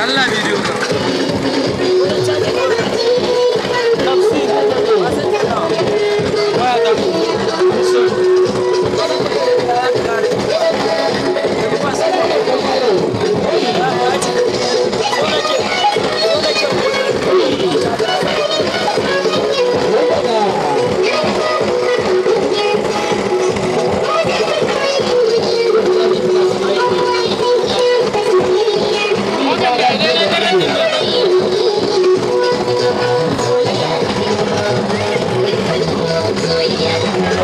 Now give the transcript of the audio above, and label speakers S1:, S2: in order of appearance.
S1: நல்ல video
S2: Yeah.